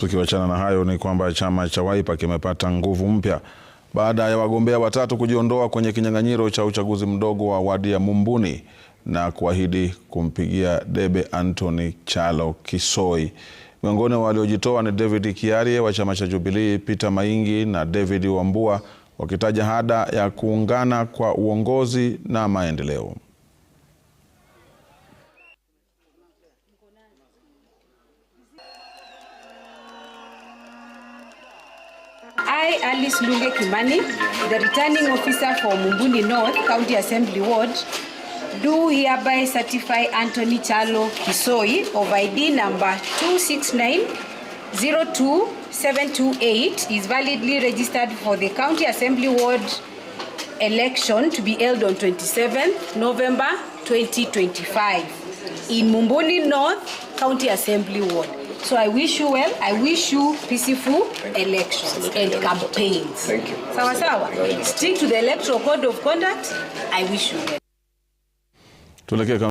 Tukiwachana na hayo ni kwamba chama cha Wiper kimepata nguvu mpya baada ya wagombea watatu kujiondoa kwenye kinyang'anyiro cha uchaguzi mdogo wa wadi ya Mumbuni na kuahidi kumpigia debe Anthony Kyalo Kisoi. Miongoni mwa waliojitoa ni David Kiarie wa chama cha Jubilee, Peter Maingi na David Wambua wakitaja hada ya kuungana kwa uongozi na maendeleo. I, Alice Lunge Kimani, the returning officer for Mumbuni North County Assembly Ward, do hereby certify Anthony Chalo Kisoi of ID number 269-02728 is validly registered for the County Assembly Ward election to be held on 27th November 2025. in Mumbuni North County Assembly Ward. So I wish you well. I wish you peaceful elections and campaigns. Thank you. Sawa sawa. Stick to the electoral code of conduct. I wish you well.